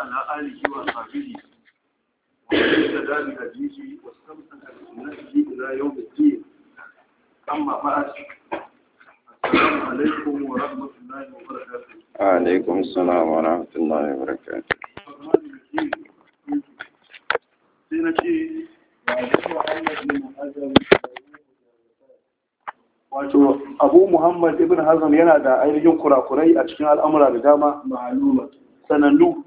ala aliki wa sahbihi wa dalika jiji wa samsaka sunnati ila yawm al-din amma ba'd assalamu alaykum wa rahmatullahi wa barakatuh wa alaykum assalam wa rahmatullahi wa barakatuh sina ki wato abu muhammad ibn hazan yana da ainihin kurakurai a cikin al'amura da dama sanannu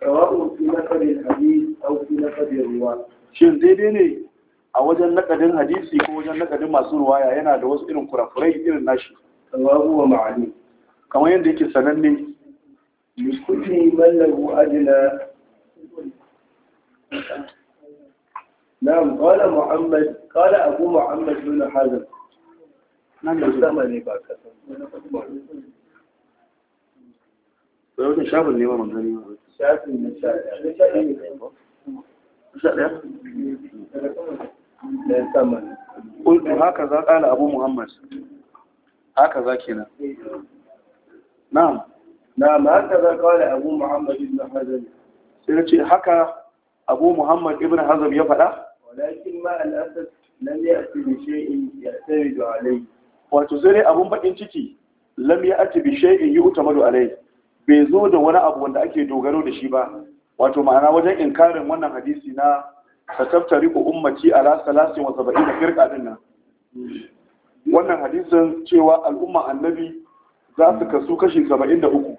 sawa'un fi naqdil hadith aw fi naqdil ruwa shin daidai ne a wajen nakadin hadisi ko wajen nakadin masu ruwaya yana da wasu irin kurakurai irin nashi sawa'u wa ma'ani kamar yadda yake sananne yusufi mallahu ajla na'am qala muhammad qala abu muhammad bin hazm nan da sama ne ba kasan wani shafin ne ba mun gani ba shafi da haka za ƙala abu muhammad haka za na'am na'am haka za ƙala abu muhammad ibn sai ce haka abu muhammad ibn hazm ya faɗa walakin ma al'asar ya da wato sai abun bakin ciki lam ya ati bi shay'in yu'tamadu alayhi bai zo da wani abu wanda ake dogaro da shi ba wato ma'ana wajen inkarin wannan hadisi na tattaftari ko ummaci ala salasin wa saba'in da firka din nan wannan hadisin cewa al'umma annabi za su kasu kashi 73 da uku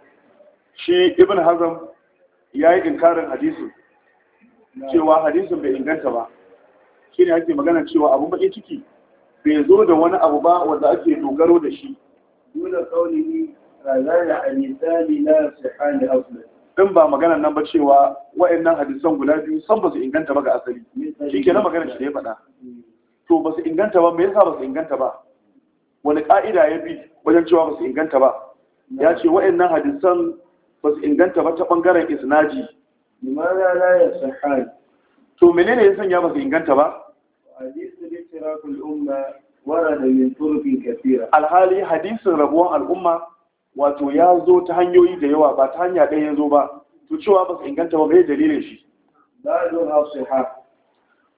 shi ibn hazam ya yi inkarin hadisin cewa hadisin bai inganta ba shi ne ake magana cewa abu baƙin ciki bai zo da wani abu ba wanda ake dogaro da shi dole kaunihi in ba magana nan ba cewa wa'annan hadisan guda biyu san ba su inganta ba ga asali shi ke na magana shi da ya faɗa to ba su inganta ba me yasa ba su inganta ba wani ƙa'ida ya bi wajen cewa ba su inganta ba ya ce wa'annan hadisan ba su inganta ba ta ɓangaren isnaji to menene ya sanya ba su inganta ba alhali hadisin rabuwan al'umma wato ya zo ta hanyoyi da yawa ba ta hanya ɗaya ya zo ba to cewa ba su inganta ba mai dalilin shi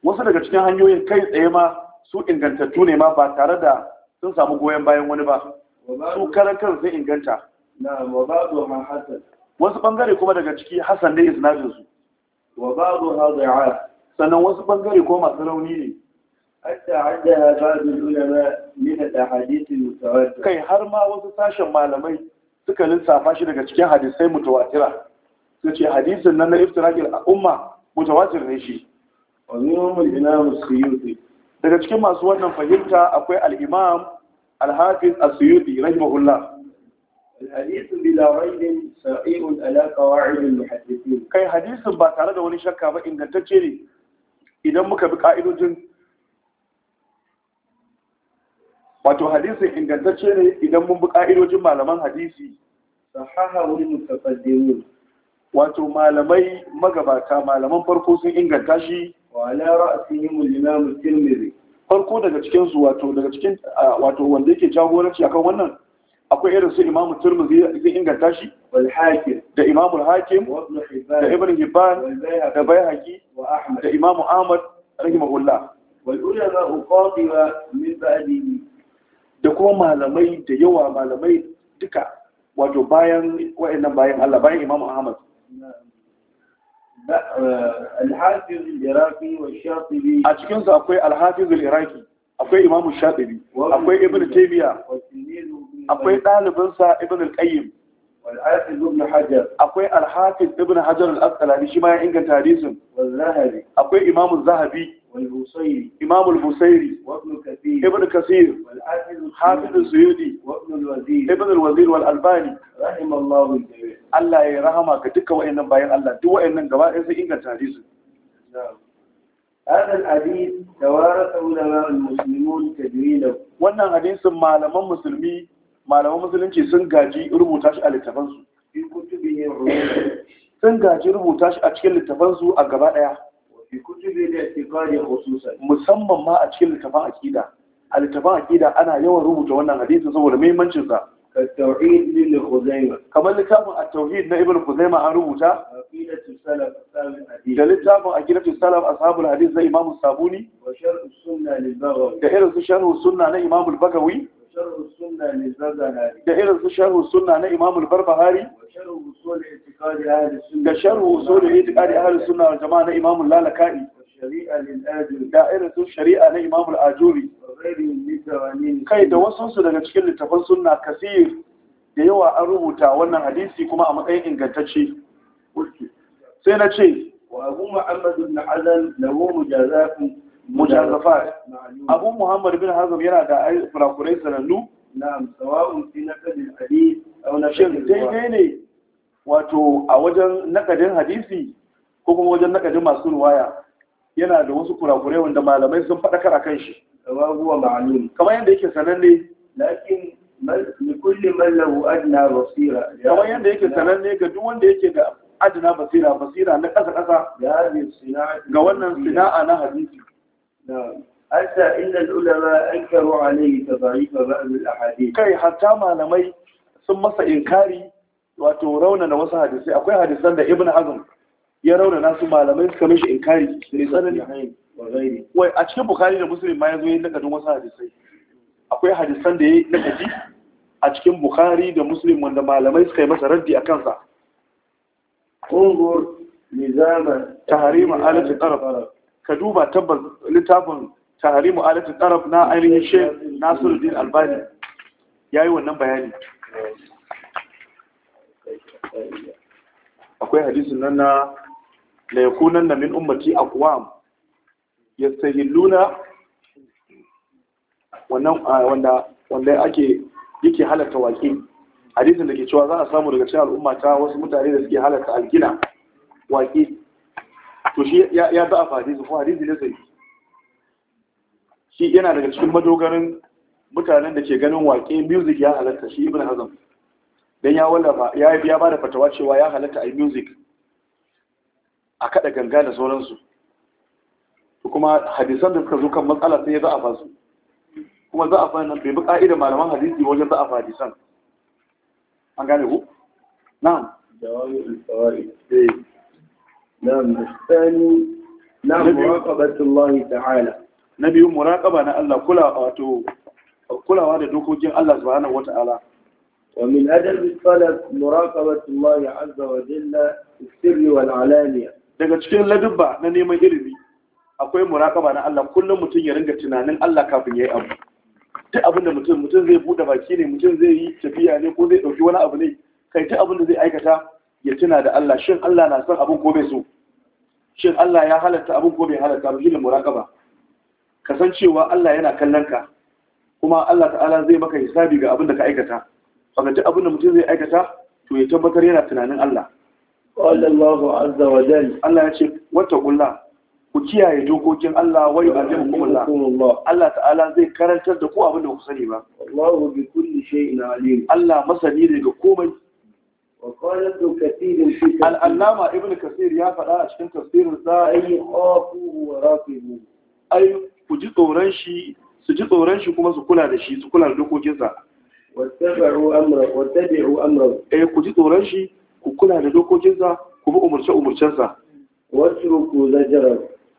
wasu daga cikin hanyoyin kai tsaye ma su ingantattu ne ma ba tare da sun samu goyon bayan wani ba su karan kan sun inganta wasu bangare kuma daga ciki hasan ne isnadin su sannan wasu bangare kuma masu rauni ne kai har ma wasu sashen malamai suka lissafa shi daga cikin hadisai mutawatira ce hadisin nan na a umma mutawatir ne shi daga cikin masu wannan fahimta akwai al'imam imam al-Hafiz as-Suyuti rai mahulla kai hadisin ba tare da wani shakka ba ingantacce ne idan muka bi ka'idojin wato hadisin ingantacce ne idan mun bi ka'idojin malaman hadisi sahaha wani mutaqaddimin wato malamai magabata malaman farko sun inganta shi wa ala ra'sihim al-imam al tirmidhi farko daga cikin su wato daga cikin wato wanda yake jagoranci akan wannan akwai irin su imamu tirmidhi sun inganta shi da imamu hakim da ibn hibban da bayhaqi da imamu ahmad rahimahullah wal ulama uqatiba min ba'dihi da kuma malamai da yawa malamai duka wato bayan wa'annan bayan Allah bayan Imam Ahmad Al-Hafiz al-Iraqi wa Shatibi a cikin su akwai Al-Hafiz al-Iraqi akwai Imam Shatibi akwai Ibn Taymiyyah akwai ɗalibinsa Ibn al-Qayyim akwai alhafiz ibn hajar al-asqalani shi ma ya inganta hadisin akwai imamu zahabi imamu al-busairi ibn kasir hafiz al-suyudi ibn al-wazir wal albani Allah ya rahama ga dukkan wayannan bayan Allah duk wayannan gaba ɗaya sai inganta hadisin هذا الحديث توارث علماء المسلمون كثيرا wannan hadisin malaman musulmi malaman musulunci sun gaji rubuta shi a littafansu sun gaji rubuta shi a cikin littafansu a gaba ɗaya musamman ma a cikin littafan aƙida a littafan aƙida ana yawan rubuta wannan hadisi saboda sa. kamar littafin a tauhid na ibn kuzaima an rubuta da littafin a gidatun salaf ashabul hadis na imamu sabuni da irin su sharhu sunna na imamu bagawi da irin su sharhu sunna na Imam al-Barbahari da sharhu usul al-i'tiqadi ahli sunna wal jama'a na Imam al-Lalaka'i da irin su shari'a na Imam al-Ajuri kai da wasu su daga cikin littafan sunna kasir da yawa an rubuta wannan hadisi kuma a matsayin ingantacce sai na ce abu muhammad ibn hazan lahu mujazafat abu muhammad bin hazan yana da ayyukan kurakurai sanannu na'am sawa'un fi ne wato a wajen naqdin hadisi ko kuma wajen naqdin masu ruwaya yana da wasu kurakure wanda malamai sun kara kan shi kama huwa ma'lum kamar yadda yake sananne lakin kulli man lahu adna basira kamar yanda yake sananne ga duk wanda yake da adna basira basira na ƙasa ƙasa ga wannan sina'a na hadisi Hata inda zunubawa ya a haɗe. malamai sun masa inƙari wato rau na wasu hadithai. Akwai hadithan da Ibn Azam ya raunana su malamai suka mishi inƙari mai tsanani. Kuwa a cikin buƙari da musulun baya zai zo yin laƙaɗun wasu hadithai. Akwai hadithan da ya yi laƙaƙi a cikin buƙari da musulun wanda malamai suka yi masa raddi a kansa. Ungoz, Nizaba, Tahiru, Haladu, Ƙarim, Kaduba, Tabbas, Littafan. tarihi alati tarab na ainihin shek nasiruddin albani ya yi wannan bayani akwai hadisin nan na laikunan na min a kuwam ya wannan wanda wanda ake yake halatta waƙi hadisin da ke cewa za a samu daga cikin al'umma ta wasu mutane da suke halatta algina waƙi to shi ya za a fa hadisi ko hadisi ne sai shi yana daga cikin madogarin mutanen da ke ganin waƙe music ya halatta shi ibn hazm dan ya wallafa ya yi ya bada fatawa cewa ya halatta ai music a kada ganga da sauransu kuma hadisan da suka zo kan matsala sai ya za'afa su kuma za'afa nan bai bi ka'idar malaman hadisi wajen za'afa hadisan an gane ku na'am jawabul fawaid na'am na'am muraqabatullahi ta'ala na biyu muraqaba na Allah kula wato kulawa da dokokin Allah subhanahu wata'ala wa min adabi salat muraqabatu Allah azza wa jalla sirri wal alaniya daga cikin ladubba na neman ilimi akwai muraqaba na Allah kullum mutum ya ringa tunanin Allah kafin yayi abu duk abin da mutum mutum zai bude baki ne mutum zai yi tafiya ne ko zai dauki wani abu ne kai duk abin da zai aikata ya tuna da Allah shin Allah na son abin ko bai so shin Allah ya halatta abin ko bai halatta ba shine muraqaba kasancewa Allah yana kallon ka kuma Allah ta'ala zai maka hisabi ga abin da ka aikata saboda duk abin da mutum zai aikata to ya tabbatar yana tunanin Allah qala azza wa jalla Allah ya ce wattaqullah ku kiyaye dokokin Allah wa yu'allimukumullah Allah ta'ala zai karantar da ku abin da ku sani ba Allahu bi kulli shay'in alim Allah masani ne ga komai وقال ابن كثير في العلامة ابن كثير يا فلا أشكن تفسير ذا أي خافوه ورافضوه أي ku ji tsoron shi su ji tsoron shi kuma su kula da shi su kula da dokokinsa eh, ku ji tsoron shi ku kula da dokokinsa ku bi umarce-umarcensa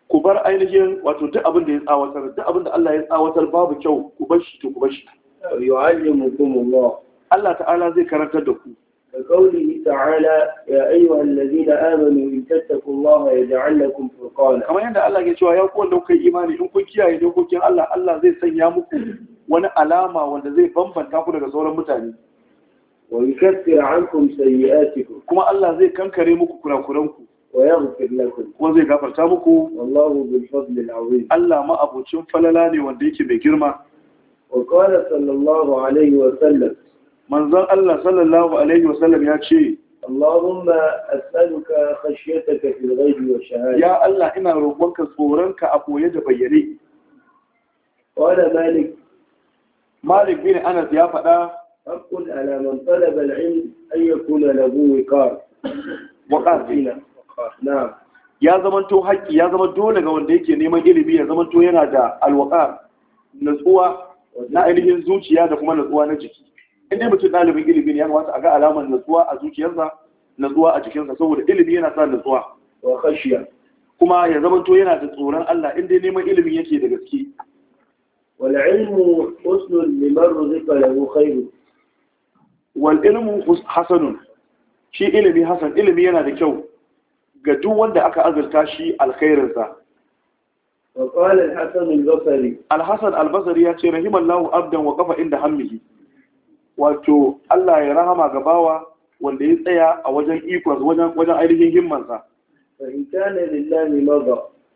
ku bar ainihin wato duk abin da ya tsawatar duk abin da Allah ya tsawatar babu kyau ku bar shi to ku bar shi yu'allimukum Allah Allah ta'ala zai karantar da ku كقوله تعالى يا أيها الذين آمنوا إن تتقوا الله يجعل لكم فرقانا كما يندى الله يجوا يقول لو كي إيماني إن كنت يا إذا كنت الله الله زي سيامك wani alama wanda zai bambanta ku daga sauran mutane wa yukaffir ankum sayyi'atikum kuma Allah zai kankare muku kurakuranku wa yaghfir lakum kuma zai gafarta muku wallahu bil fadli al Allah ma abucin falala ne wanda yake mai girma wa qala sallallahu alaihi wa sallam manzon Allah sallallahu alaihi wasallam ya ce Allahumma as'aluka khashyataka fil ghaibi wash shahada ya Allah ina roƙonka tsoronka a koye da bayyane wala malik malik bin Anas ya faɗa haqqun ala man talaba al-ilm an yakuna lahu wiqar waqar na'am ya zamanto haƙƙi ya zama dole ga wanda yake neman ilimi ya zamanto yana da alwaqar natsuwa na ainihin zuciya da kuma natsuwa na jiki in ne mutum ɗalibin ilimi ne ya kamata a ga alamar natsuwa a zuciyarsa natsuwa a jikinsa saboda ilimi yana sa natsuwa wa khashiya kuma ya zama to yana da tsoron Allah in dai neman ilimin yake da gaske wal ilmu husnun liman ruzika lahu khairu wal ilmu hasanun shi ilimi hasan ilimi yana da kyau ga duk wanda aka azurta shi alkhairinsa وقال الحسن البصري الحسن البصري يا شيخ رحم الله عبدا وقف عند همه wato Allah ya rahama ga bawa wanda ya tsaya a wajen ikon wajen wajen ainihin himmansa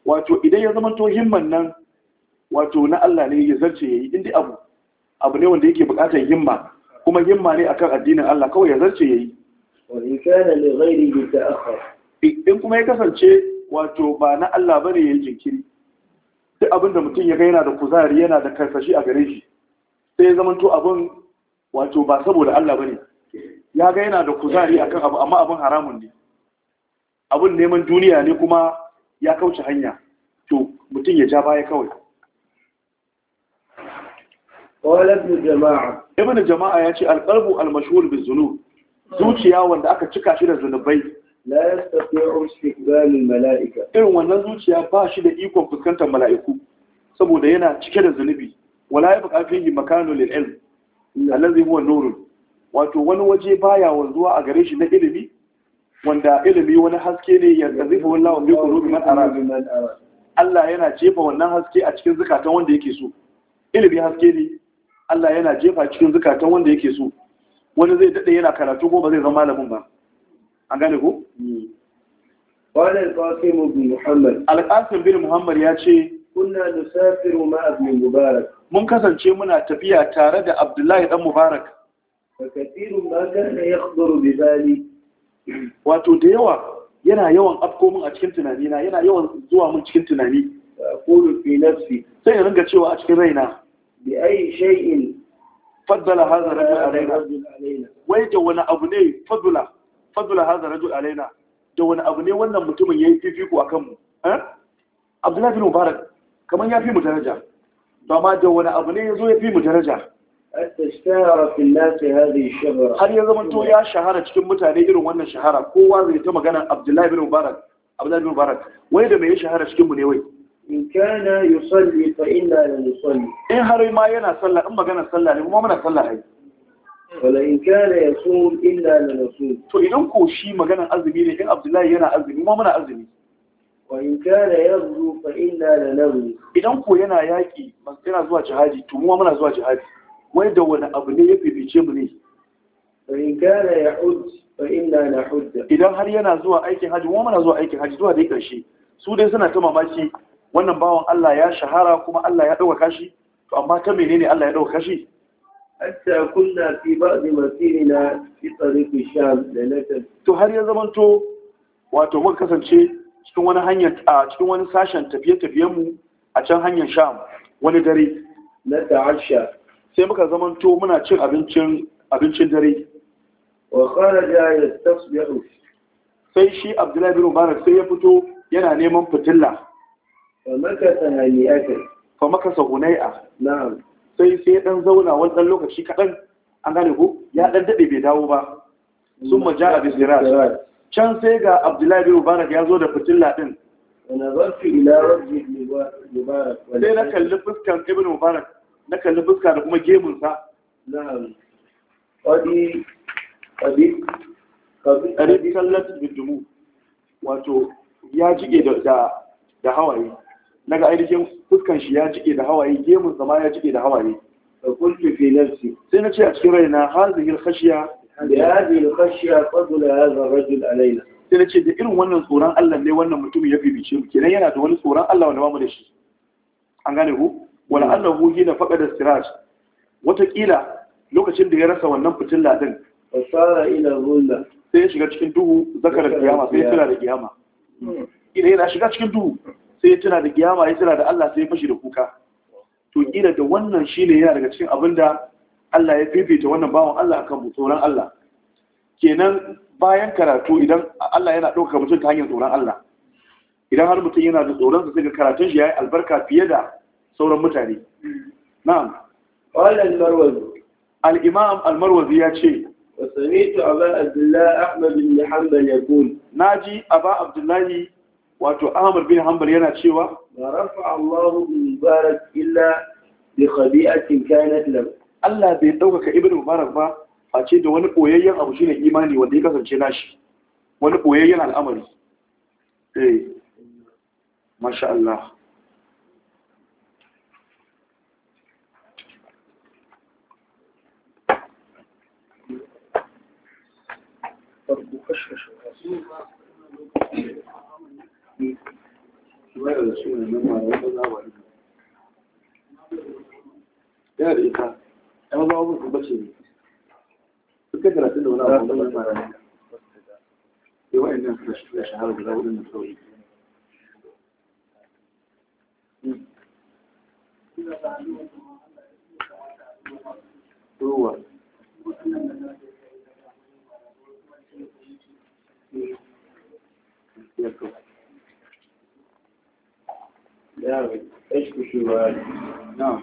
wato idan ya zama to himman nan wato na Allah ne ya zarce yayi inda abu abu ne wanda yake bukatar himma kuma himma ne akan addinin Allah kawai ya zarce yayi wa in kuma ya kasance wato ba na Allah bane yayin jinkiri duk abin da mutum ya ga yana da kuzari yana da karsashi a gare shi sai ya zama to abin wato ba saboda Allah bane ya ga yana da kuzari akan abu amma abin haramun ne abin neman duniya ne kuma ya kauce hanya to mutum ya ja baya kawai ibn jama'a ibn jama'a yace alqalbu almashhur bizunub zuciya wanda aka cika shi da zunubai la yastati'u istiqbal almala'ika irin wannan zuciya ba shi da ikon fuskantar mala'iku saboda yana cike da zunubi wala yabqa fihi makanu lil ilm lalazi huwa nurun wato wani waje baya wanzuwa a gare shi na ilimi wanda ilimi wani haske ne ya zazifa wallahu bi qulubi man arad Allah yana jefa wannan haske a cikin zukatan wanda yake so ilimi haske ne Allah yana jefa cikin zukatan wanda yake so wani zai dade yana karatu ko ba zai zama malamin ba an gane ko mu bi muhammad. al qasim بن muhammad ya ce kunna nusafiru ma'a ابن mubarak mun kasance muna tafiya tare da abdullahi dan mubarak wato da yawa yana yawan afko mun a cikin tunanina yana yawan zuwa mun cikin tunani aqulu fi nafsi sai in ringa cewa a cikin raina bi ayi shay'in faddala hadha rajul alaina wai da wani abu ne faddala faddala hadha rajul alaina da wani abu ne wannan mutumin yayi fifiko akan mu eh abdullahi bin mubarak kaman ya fi mu daraja to amma da wani abu ne ya zo ya fi mu daraja har ya zama to ya shahara cikin mutane irin wannan shahara kowa zai ta magana abdullahi bin mubarak abdullahi bin mubarak wai da mai ya shahara cikin mu ne wai in kana yusalli fa inna la nusalli in har ma yana sallah in magana sallah ne kuma muna sallah ai wala in kana yasum illa la nasum to idan ko shi maganar azumi ne in abdullahi yana azumi kuma muna azumi وإن كان يغزو فإنا لنغزو idan ko yana yaki yana zuwa jihadi to mu muna zuwa jihadi wai da wani abu ne ya fifice mu ne in kana ya'ud fa inna na'ud idan har yana zuwa aikin haji kuma muna zuwa aikin haji zuwa ya ƙarshe, su dai suna ta mamaki wannan bawan Allah ya shahara kuma Allah ya ɗauka kashi? to amma ta menene Allah ya dauka shi hatta kunna fi ba'd masirina fi tariq sham lalatat to har ya zamanto wato mun kasance cikin wani hanyar a cikin wani sashen tafiye-tafiyen mu a can hanyar sham wani dare na ta'asha sai muka to muna cin abincin abincin dare wa ya yastasbihu sai shi Abdullahi bin Umar sai ya fito yana neman fitilla fa makasa haniyaka fa makasa hunai'a na'am sai sai dan zauna wani dan lokaci kadan an gane ko ya dan dade bai dawo ba summa ja'a bi sirat can sai ga abdullahi bin mubarak ya zo da fitilla din sai na kalli fuskan ibn mubarak na kalli fuska da kuma gemunsa ƙari kallat bidumu wato ya jike da hawaye na ga ainihin fuskan shi ya jike da hawaye gemunsa ma ya jike da hawaye sai na ce a cikin raina hazihil kashiya. بهذه الخشية فضل هذا الرجل علينا sai na ce da irin wannan tsoron Allah ne wannan mutumin ya fifice mu kenan yana da wani tsoron Allah wanda bamu da shi an gane ku wala annahu hina faqada siraj watakila lokacin da ya rasa wannan fitilla din fasara ila zulla sai ya shiga cikin duhu zakarar kiyama sai ya tuna da kiyama ina hmm. yana shiga cikin duhu sai ya tuna da kiyama ya tuna da Allah sai ya fashi da kuka to kila da wannan shine yana daga cikin abinda Allah ya fifita wannan bawan Allah akan tsoron Allah kenan bayan karatu idan Allah yana ɗaukar mutum ta hanyar tsoron Allah idan har mutum yana da tsoron sa sai karatun shi yayi albarka fiye da sauran mutane na'am qala al-marwazi al-imam al-marwazi ya ce sami'tu aba abdullah ahmad bin hanbal yaqul naji aba abdullahi wato ahmad bin hanbal yana cewa rafa Allahu mubarak illa bi khabi'atin kanat lahu Allah bai ɗaukaka ibn mubarak ba a ce da wani ɓoyayyen abu shi ne imani wanda ya kasance nashi wani ɓoyayyen al'amari eh masha Allah yana أنا ما أقول بشر بكثرة اللي ولا أقول سواء الناس مش عارف ولا أقول المسؤولين هو يا رب ايش بشوال نعم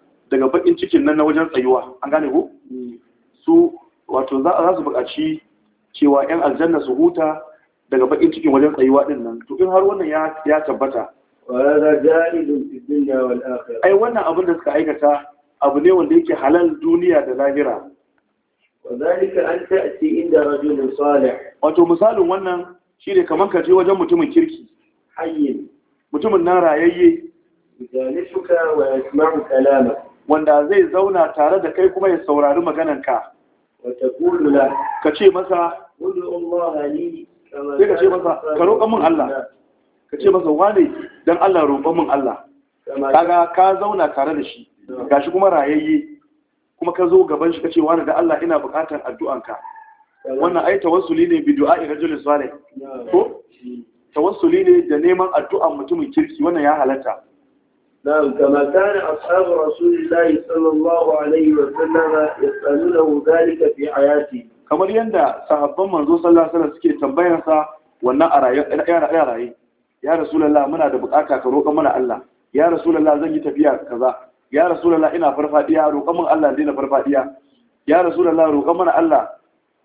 daga bakin cikin nan na wajen tsayuwa an gane ko mm. su wato za su buƙaci cewa yan aljanna su huta daga bakin cikin wajen tsayuwa din nan to in har wannan ya tabbata ai wannan abin da suka aikata abu ne wanda yake halal duniya da lahira wadalika an ta'ti inda rajulin salih wato misalin wannan shine kaman ka je wajen mutumin kirki hayyin mutumin nan rayayye yajlisuka wa yasma'u kalama wanda zai zauna tare da kai kuma ya saurari maganarka ka ce masa sai ka ce masa ka roƙa min Allah ka ce masa wane don Allah roƙa min Allah kaga ka zauna tare da shi gashi kuma rayayye kuma ka zo gaban shi ka ce wane da Allah ina buƙatar addu'anka wannan ai tawassuli ne bi du'a rajulin salih ko tawassuli ne da neman addu'an mutumin kirki wannan ya halatta نعم كما كان أصحاب رسول الله صلى الله عليه وسلم يسألونه ذلك في حياته kamar yadda sahabban manzo sallallahu alaihi wasallam suke tambayar wannan a raye ya rasulullah muna da bukata ka roƙa mana Allah ya rasulullah zan yi tafiya kaza ya rasulullah ina farfadiya roƙa Allah dai na farfadiya ya rasulullah roƙa mana Allah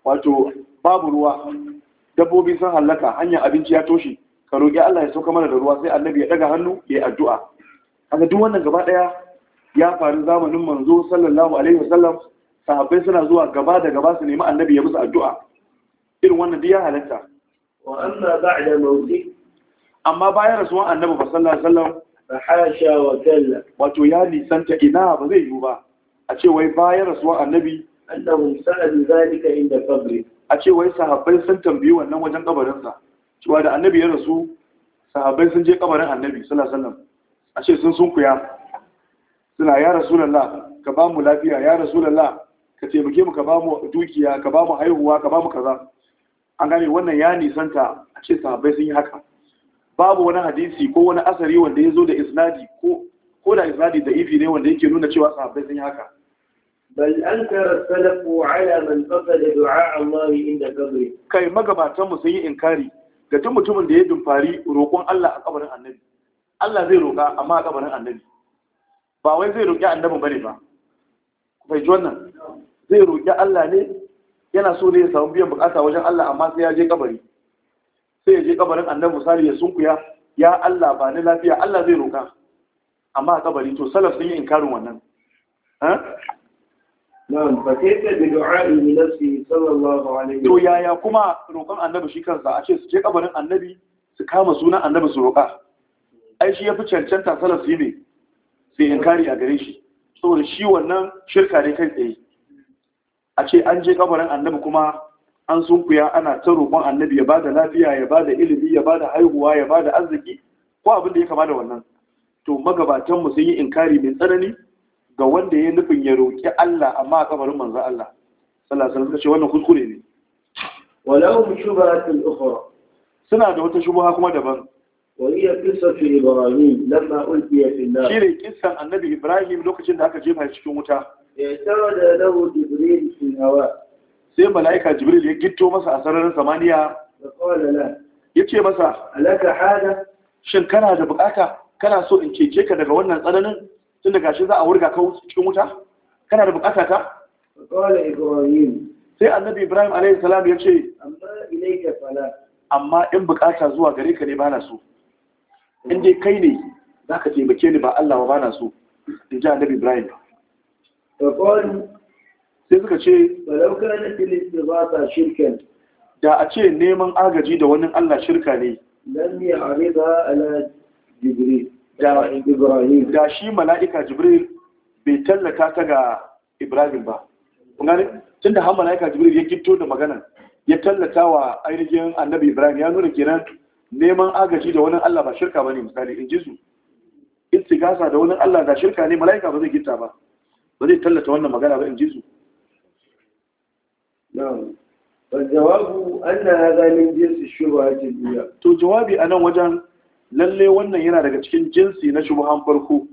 wato babu ruwa dabbobi sun halaka hanyar abinci ya toshe ka roƙi Allah ya sauka mana da ruwa sai annabi ya daga hannu ya yi addu'a kaga duk wannan gaba daya ya faru zamanin manzo sallallahu alaihi wasallam sahabbai suna zuwa gaba da gaba su nemi annabi ya musu addu'a irin wannan duk ya halatta wa amma ba'da mawdi amma bayan rasuwan annabi sallallahu alaihi wasallam hasha wa kalla wato ya nisanta ina ba zai yi ba a ce wai bayan rasuwan annabi annahum sa'alu zalika inda qabri a ce wai sahabbai sun tambayi wannan wajen kabarinsa cewa da annabi ya rasu sahabbai sun je kabarin annabi sallallahu alaihi wasallam a ce sun kuya? suna ya rasulallah ka ba mu lafiya ya rasulallah ka taimake mu ka ba mu dukiya ka ba mu haihuwa ka ba mu kaza an gane wannan ya nisanta a ce sahabbai sun yi haka babu wani hadisi ko wani asari wanda ya zo da isnadi ko ko da isnadi da ifi ne wanda yake nuna cewa sahabbai sun yi haka bal ankara salafu ala man fasala du'a Allah inda kabri kai magabatan mu sun yi inkari ga tun mutumin da ya dumfari roƙon Allah a kabarin annabi Allah zai roƙa amma a kabarin annabi ba wai zai roƙi annabin bane ba bai ji wannan zai roƙi Allah ne yana so ne ya samu biyan bukata wajen Allah amma sai ya je kabari sai ya je kabarin annabi misali ya sunkuya ya Allah ba ni lafiya Allah zai roƙa amma a kabari to salaf sun yi inkarin wannan Na'am, fa kaifa bi du'a'i li nafsi sallallahu alaihi wa sallam. yaya kuma roƙon annabi shi kansa a ce su je kabarin annabi su kama sunan annabi su roƙa. ai shi ya fi cancanta salafi ne sai in kari a gare shi saboda shi wannan shirka ne kai tsaye a ce an je kabarin annabi kuma an kuya ana ta roƙon annabi ya bada lafiya ya bada ilimi ya bada haihuwa ya bada arziki ko abin da ya kama da wannan to magabatan mu sun yi inkari mai tsanani ga wanda ya nufin ya roƙi Allah amma a kabarin manzo Allah sallallahu alaihi wasallam ce wannan kuskure ne walau shubhatul ukhra suna da wata shubaha kuma daban وهي قصة إبراهيم لما ألقي في النار شيري قصة النبي إبراهيم لو كنت هكا جيبها cikin wuta اعترض له جبريل في الهواء sai mala'ika jibril ya gitto masa a sararin samaniya ya ce masa alaka hada shin da bukata kana so in cece ka daga wannan tsananin tun daga za a wurga ka cikin wuta kana da bukata ta sai annabi ibrahim alaihi salam ya ce amma in bukata zuwa gare ka ne ba na so inda kai ne za ka taimake ni ba Allah ba na so in ji annabi Ibrahim sai suka ce da a ce neman agaji da wani Allah shirka ne da shi mala'ika jibril bai tallata ta ga ibrahim ba tun da har mala'ika jibril ya gito da magana ya tallata wa ainihin annabi ibrahim ya nuna kenan neman agaji da wani Allah ba shirka ba ne, misali in ji su istigasa da wani Allah da shirka ne mala'ika ba zai gita ba ba zai tallata wannan magana ba in ji su to jawabi a nan wajen lalle wannan yana daga cikin jinsi na shubuhan farko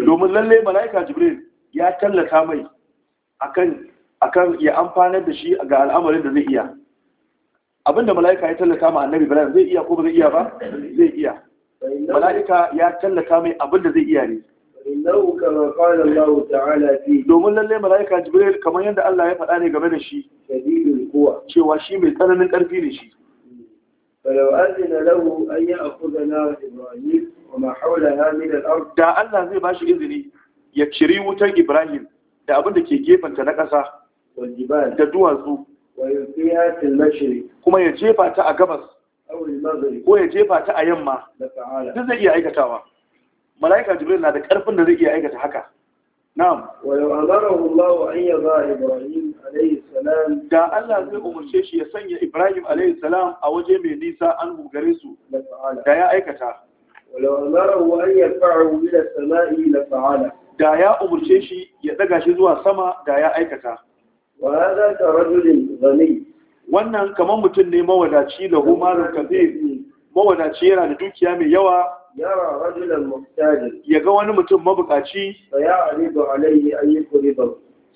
domin lalle malaika jibril ya tallata mai akan akan ya amfanar da shi ga al'amarin da zai iya abinda mala'ika ya tallata ma annabi ibrahim zai iya ko ba zai iya ba zai iya mala'ika ya tallata mai abinda zai iya ne domin lallai mala'ika jibril kamar yadda Allah ya faɗa ne game da shi cewa shi mai tsananin ƙarfi ne shi da Allah zai bashi izini ya ciri wutar Ibrahim da abin da ke gefanta na ƙasa da duwatsu kuma ya jefa ta a gabas ko ya jefa ta a yamma duk zai iya aikatawa mala'ika jibril na da karfin da zai iya aikata haka na'am walau amarahu Allah an yaza Ibrahim alayhi salam da Allah zai umarce shi ya sanya Ibrahim alayhi salam a waje mai nisa an hugare su da ya aikata walau amarahu an yarfa'u ila sama'i la fa'ala da ya umarce shi ya daga shi zuwa sama da ya aikata wa wannan kamar mutum ne mawadaci da humarin kafe mawadaci yana da dukiya mai yawa yara ya ga wani mutum mabukaci sai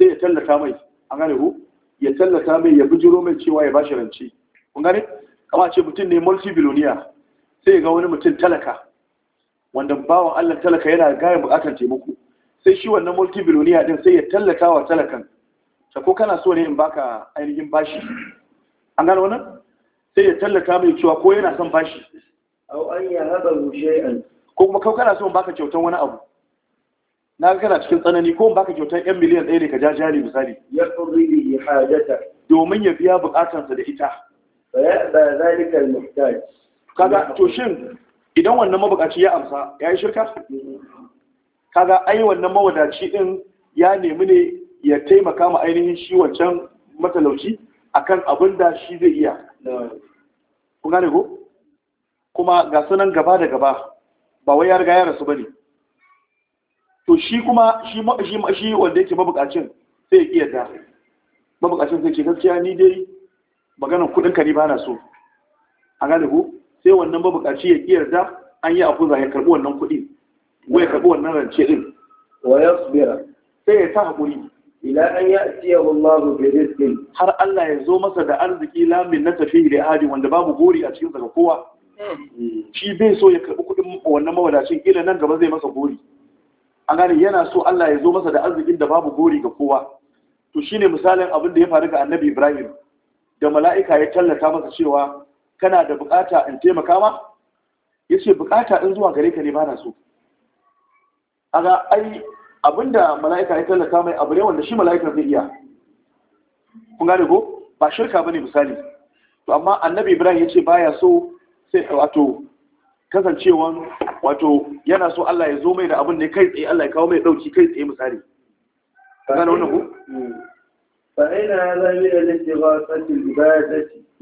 ya tallata mai an gane hu ya tallata mai ya bijiro mai cewa ya bashi rance kun gane kama ce mutum ne multi billionaire sai ya ga wani mutum talaka wanda bawan Allah talaka yana gaya bukatar taimako sai shi wannan multi din sai ya tallata wa talakan ta ko kana so ne in baka ainihin bashi an gano wannan sai ya tallata mai cewa ko yana son bashi au an ya haɗa shay'an ko kuma kau kana so in baka kyautan wani abu na ga kana cikin tsanani ko in baka kyautan yan miliyan ɗaya ne ka ja jari misali ya qurri bi hajata domin ya biya bukatansa da ita ya ba zalika muhtaj kaga to shin idan wannan mabukaci ya amsa ya yi shirka mm-hmm. kaga ai wannan mawadaci din ya nemi ne ya taimaka ma ainihin shi wancan matalauci akan abin da shi zai iya kun gane ko kuma ga sunan gaba da gaba ba wai ya riga ya rasu bane to shi kuma shi shi shi wanda yake mabukacin sai ya kiyarda mabukacin sai ke gaskiya ni dai maganar kudin ka ni ba na so a gane ko sai wannan mabukaci ya kiyarda an yi abu za ya karbi wannan kudi. ko ya karbi wannan rance din wa yasbira sai ya ta hakuri ila an ya'tiyahu wallahu bi rizqin har Allah ya zo masa da arziki la min natafi li ahadi wanda babu gori a cikin zaka kowa shi bai so ya karbi kudin wannan mawadacin ila nan gaba zai masa gori an gane yana so Allah ya zo masa da arzikin da babu gori ga kowa to shine misalin abin da ya faru ga Annabi Ibrahim da mala'ika ya tallata masa cewa kana da bukata in taimaka ma yace bukata in zuwa gare ka ne ba na so aga ai abinda mala'ika ya tallata mai abu ne wanda shi mala'ikan zai iya kun gane ko ba shirka bane misali to amma annabi ibrahim ya ce baya so sai wato kasancewan wato yana so Allah ya zo mai da abin ya kai tsaye Allah ya kawo mai dauki kai tsaye misali gane wannan ko? da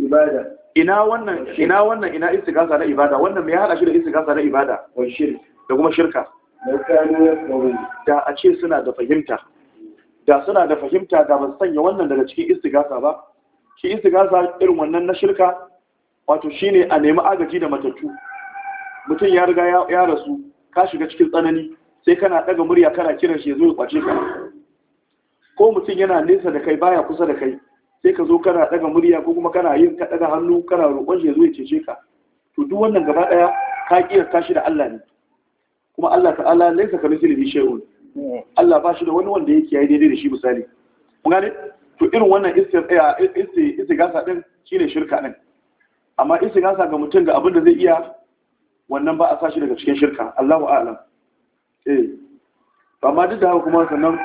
ibada ina wannan ina wannan ina na ibada wannan me ya hada shi da istigasa na ibada da kuma shirka da a ce suna da fahimta da suna da fahimta da ba sanya wannan daga cikin istigasa ba shi istigasa irin wannan na shirka wato shine a nemi agaji da matattu mutum ya riga ya rasu ka shiga cikin tsanani sai kana daga murya kana kiran shi ya zo ya kwace ka ko mutum yana nesa da kai baya kusa da kai sai ka zo kana daga murya ko kuma kana yin ka daga hannu kana roƙon shi ya zo ya cece ka to duk wannan gaba ɗaya, ka kiyasta shi da Allah ne kuma Allah ta'ala ne ka mislihi shay'un Allah ba shi da wani wanda yake yayi daidai da shi misali kun gane to irin wannan eh, istigasa din shine shirka din amma istigasa ga mutum ga abin da zai iya wannan ba a sashi daga cikin shirka Allahu a'lam eh amma duk da haka kuma sannan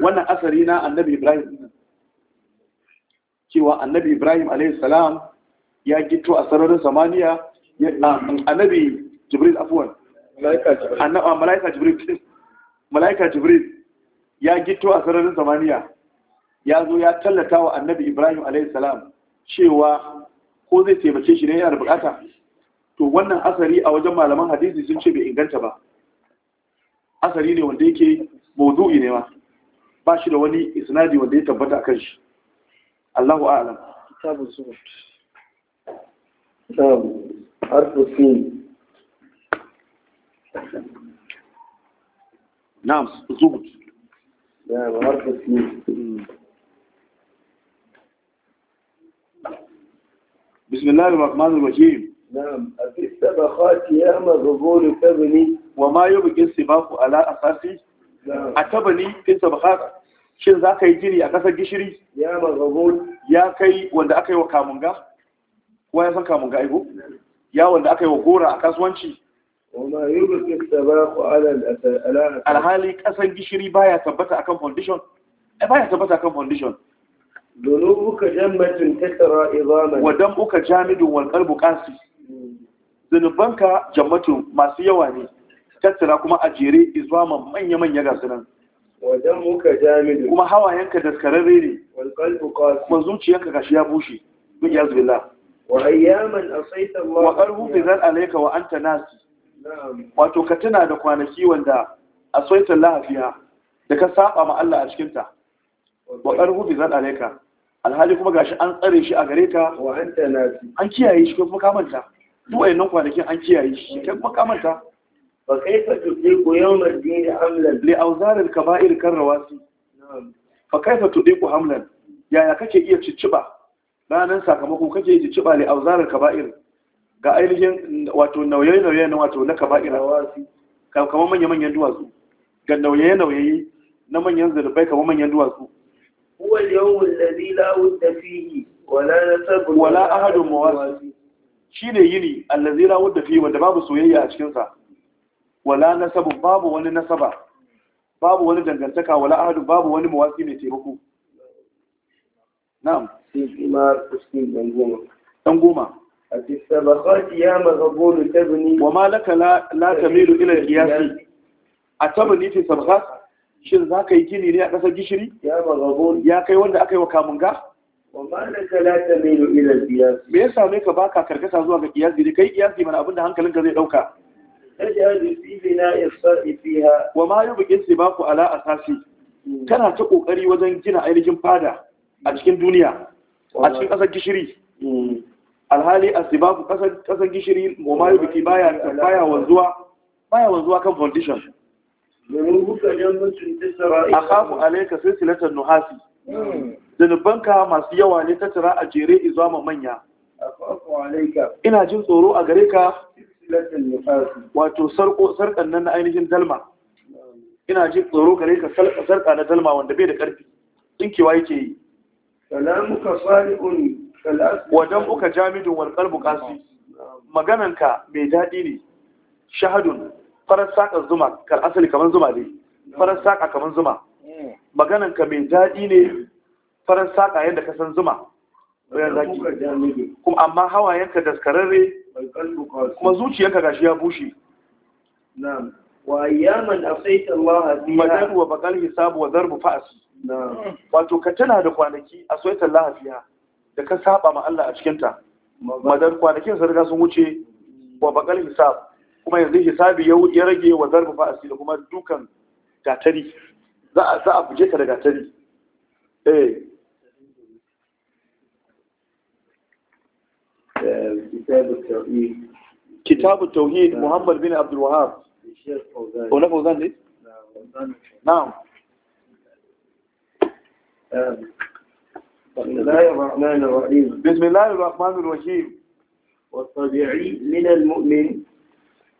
wannan asari na Annabi Ibrahim cewa Annabi Ibrahim alayhi salam ya gito a sararin samaniya annabi Jibril afwan mala'ika jibril ya gito a sararin samaniya ya zo ya tallata wa annabi ibrahim alaihissalam cewa ko zai taimake shi ne yana da bukata to wannan asari a wajen malaman hadisi sun ce bai inganta ba asari ne wanda yake mawdu'i ne ma ba shi da wani isnadi wanda ya tabbata a kan shi Allahu a'lam kitabun Sun. na'am zuhud ya barka بسم الله الرحمن الرحيم نعم في السبخات يا مغبور تبني وما يبقي السباق على أساسي نعم أتبني في السبخات shin za ka yi jiri a ƙasar gishiri ya ya kai wanda aka yi wa kamunga kowa ya san kamunga aiko ya wanda aka yi wa gora a kasuwanci alhali kasan gishiri baya tabbata akan foundation eh baya tabbata akan foundation dunubuka jammatin tatara izaman wa damuka jamidun wal qalbu qasi zunubanka jammatun masu yawa ne tattara kuma a jere izaman manya manya ga sunan wa damuka jamidun kuma hawayenka daskararre ne wal qalbu qasi kuma zuciyarka gashi ya bushe bin yazbillah wa ayyaman asaita Allah wa qalbu fizal alayka wa anta nasi wato ka tuna da kwanaki wanda a soitin lafiya da ka saba ma Allah a cikinta wa ƙarhu bi zan alaika alhali kuma gashi an tsare shi a gare ka an kiyaye shi kuma ka manta duk wayannan kwanakin an kiyaye shi kai kuma ka manta fa kaifa tudiku yawmal dini amlan li awzaril kaba'ir kan rawasi fa kaifa tudiku hamlan yaya kake iya cicciba ranan sakamako kake iya cicciba li awzaril kaba'ir ga ainihin wato nauye-nauye na wato na kaba'ira kamar manya-manyan duwatsu ga nauye-nauye na manyan zurbai kamar manyan duwatsu wal yawon lalzi lawun da fihi wala nasabun wala ahadun mawasi shi ne yini allazi lawun da fihi wanda babu soyayya a cikinsa wala nasabun babu wani nasaba babu wani dangantaka wala ahadun babu wani mawasi mai taimako na'am sai ma ɗan goma في السبخات يا مغبون تبني وما لك لا, لا تميل إلى القياس أتبني في السبخات shin za ka yi gini ne a ƙasar gishiri ya kai wanda aka yi wa kamunga me ya same ka baka karkasa zuwa ga kiyasi ne kai kiyasi mana abinda hankalinka zai ɗauka wa ma yi bukin sai baku ala a sasi kana ta ƙoƙari wajen gina ainihin fada a cikin duniya a cikin ƙasar gishiri alhali asibabu kasan gishiri wa ma yubiki baya baya wanzuwa baya wanzuwa kan foundation alaika sai silatar nuhasi zanubanka masu yawa ne ta tara a jere izama manya ina jin tsoro a gare ka wato sarkan nan na ainihin dalma ina jin tsoro gare ka sarka na dalma wanda bai da karfi tsinkewa yake yi salamuka wajen buka jami'in wani qalbu ƙasi? magananka mai daɗi ne shahadun farar saƙa zuma kar asali kamar zuma ne farar saƙa kamar zuma magananka mai daɗi ne farar saƙa yadda ka san zuma bayan zaki kuma amma hawayenka daskararre kuma zuciyarka gashi ya bushe na'am wa ayyaman asaita Allah fiha madad wa baqal hisab wa darbu fa'as wato ka tana da kwanaki asaita Allah fiha da ka saba ma Allah a cikinta madar kwanakin sa riga sun wuce wa bakal hisab kuma yanzu hisabi ya rage wa zarfa fa asiri kuma dukan gatari za a za a buje ka da gatari eh kitabu tauhid muhammad bin عبد الوهاب ko فوزان fauzan ne na'am بسم الله الرحمن الرحيم بسم الله الرحمن الرحيم والطبيعي من المؤمن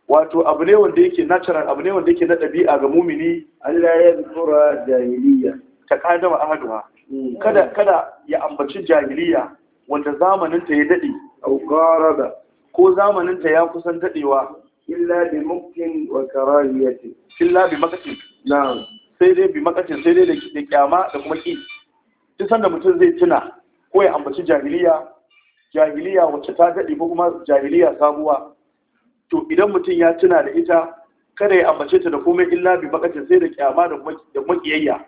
wato abu ne wanda yake natural abu ne wanda yake na ɗabi'a ga mumini Allah ya zura jahiliya ta kadama ahaduha hmm. kada kada ya ambaci jahiliya wanda zamanin ta ya dade au qarada ko zamanin ta ya kusan dadewa illa bi mumkin wa karahiyati illa bi makatin Na. sai dai bi makatin sai dai da kyama da kuma ki duk sanda mutum zai tuna ko ya ambaci jahiliya jahiliya wacce ta daɗe ko kuma jahiliya sabuwa to idan mutum ya tuna da ita kada ya ambace ta da komai illa bi bakatin sai da kyama da makiyayya